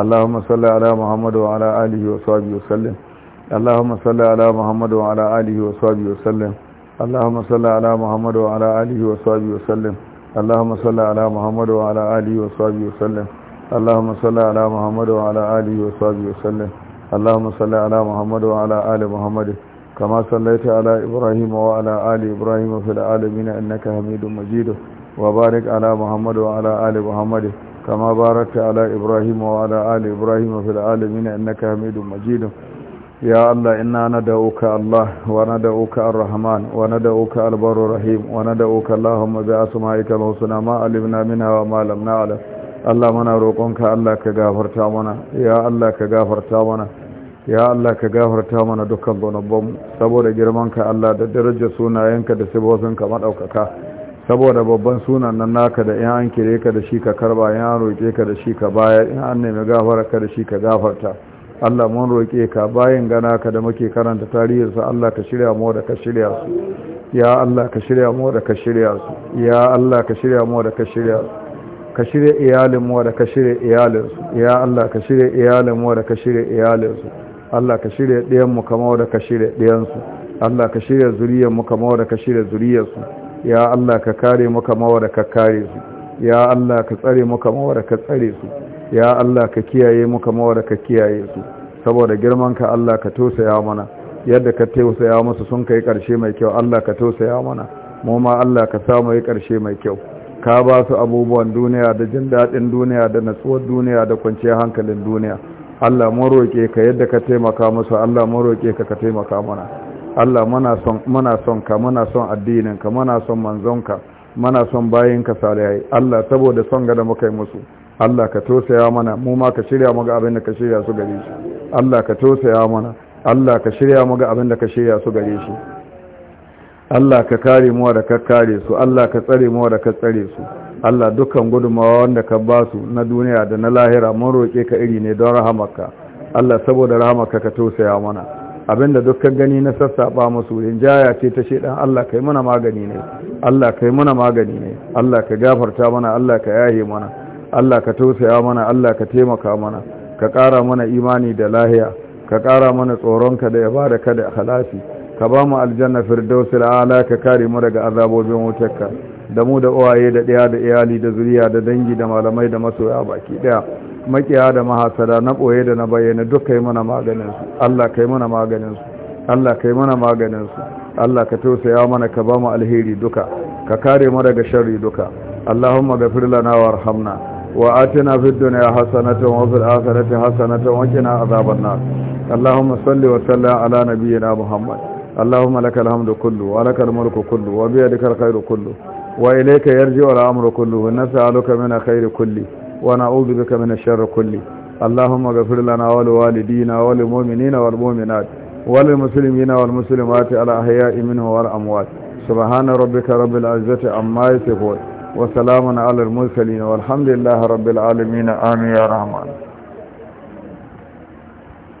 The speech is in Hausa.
اللهم صل على محمد وعلى آله وصحبه وسلم اللهم صل على محمد وعلى آله وصحبه وسلم اللهم صل على محمد وعلى آله وصحبه وسلم اللهم صل على محمد وعلى آله وصحبه وسلم اللهم صل على محمد وعلى آله وصحبه وسلم اللهم صل على محمد وعلى آل محمد كما صليت على إبراهيم وعلى آل إبراهيم في العالمين إنك حميد مجيد وبارك على محمد وعلى آل محمد كما باركت على إبراهيم وعلى آل إبراهيم في العالمين إنك حميد مجيد يا الله إنا ندعوك الله وندعوك الرحمن وندعوك البر الرحيم وندعوك اللهم بأسمائك الحسنى ما علمنا منها وما لم نعلم Allah muna roƙonka Allah ka gafarta mana ya Allah ka gafarta mana ya Allah ka gafarta mana dukkan gonabban saboda girmanka Allah da darajar sunayenka da sibosinka madaukaka saboda babban sunan nan naka da in an kire ka da shi ka karba in an roƙe ka da shi ka bayar in an nemi gafara ka da shi ka gafarta Allah mun roƙe ka bayin gana ka da muke karanta sa Allah ka shirya mu da ka shirya su ya Allah ka shirya mu da ka shirya su ya Allah ka shirya mu da ka shirya su ka shirya iyalin mu da ka shirya iyalin su ya Allah ka shirya iyalin mu da ka shirya iyalin su Allah ka shirya ɗiyan mu kamar da ka shirya ɗiyan su Allah ka shirya zuriyar mu kamar da ka shirya zuriyar su ya Allah ka kare mu kama wanda ka kare su ya Allah ka tsare mu kama ka tsare su ya Allah ka kiyaye mu kama ka kiyaye su saboda girman ka Allah ka tausaya mana yadda ka tausaya musu sun kai karshe mai kyau Allah ka tausaya mana mu ma Allah ka samu yi karshe mai kyau ka ba su abubuwan duniya da jin dadin duniya da natsuwar duniya da kwanciyar hankalin duniya Allah mu roƙe ka yadda ka taimaka musu Allah mu roƙe ka ka taimaka mana Allah muna son son ka muna son addinin ka muna son manzonka muna son bayinka salihai Allah saboda son ga da muka yi musu Allah ka tosaya mana mu ma ka shirya mu ga abin da ka shirya su gare shi Allah ka tosaya mana Allah ka shirya mu ga abin da ka shirya su gare shi Allah ka kare mu da ka kare su Allah ka tsare mu da ka tsare su Allah dukkan gudunmawa wanda ka ba su na duniya da na lahira mun roƙe ka iri ne don rahamarka Allah saboda rahamarka ka tausaya mana abinda dukkan gani na sassaba musu rinjaya ce ta shedan Allah kai muna magani ne Allah kai mana magani ne Allah ka gafarta mana Allah ka yahe mana Allah ka tausaya mana Allah ka taimaka mana ka ƙara mana imani da lahiya ka ƙara mana tsoronka da ibada ka da khalasi ka ba mu aljanna firdausil ala ka kare mu daga azabobin wutarka da mu da uwaye da ɗaya da iyali da zuriya da dangi da malamai da masoya baki ɗaya makiya da mahasada na ɓoye da na bayyana duk kai mana maganinsu Allah kai mana maganinsu Allah kai mana maganinsu Allah ka tausaya mana ka ba mu alheri duka ka kare mu daga sharri duka Allahumma ghafir lana warhamna wa atina fid dunya hasanatan wa fil akhirati hasanatan wa qina azaban nar Allahumma salli wa sallim ala nabiyyina Muhammad Allahumma lakal hamdu kullu wa lakal mulku kullu wa biyadikal khairu kullu wa ilayka yarji'u al-amru kullu wa nas'aluka min khairi kulli ونعوذ بك من الشر كله اللهم اغفر لنا ولوالدينا وللمؤمنين والمؤمنات وللمسلمين والمسلمات الأحياء منه والأموات سبحان ربك رب العزة عما يصفون وسلام على المرسلين والحمد لله رب العالمين آمين يا رحمن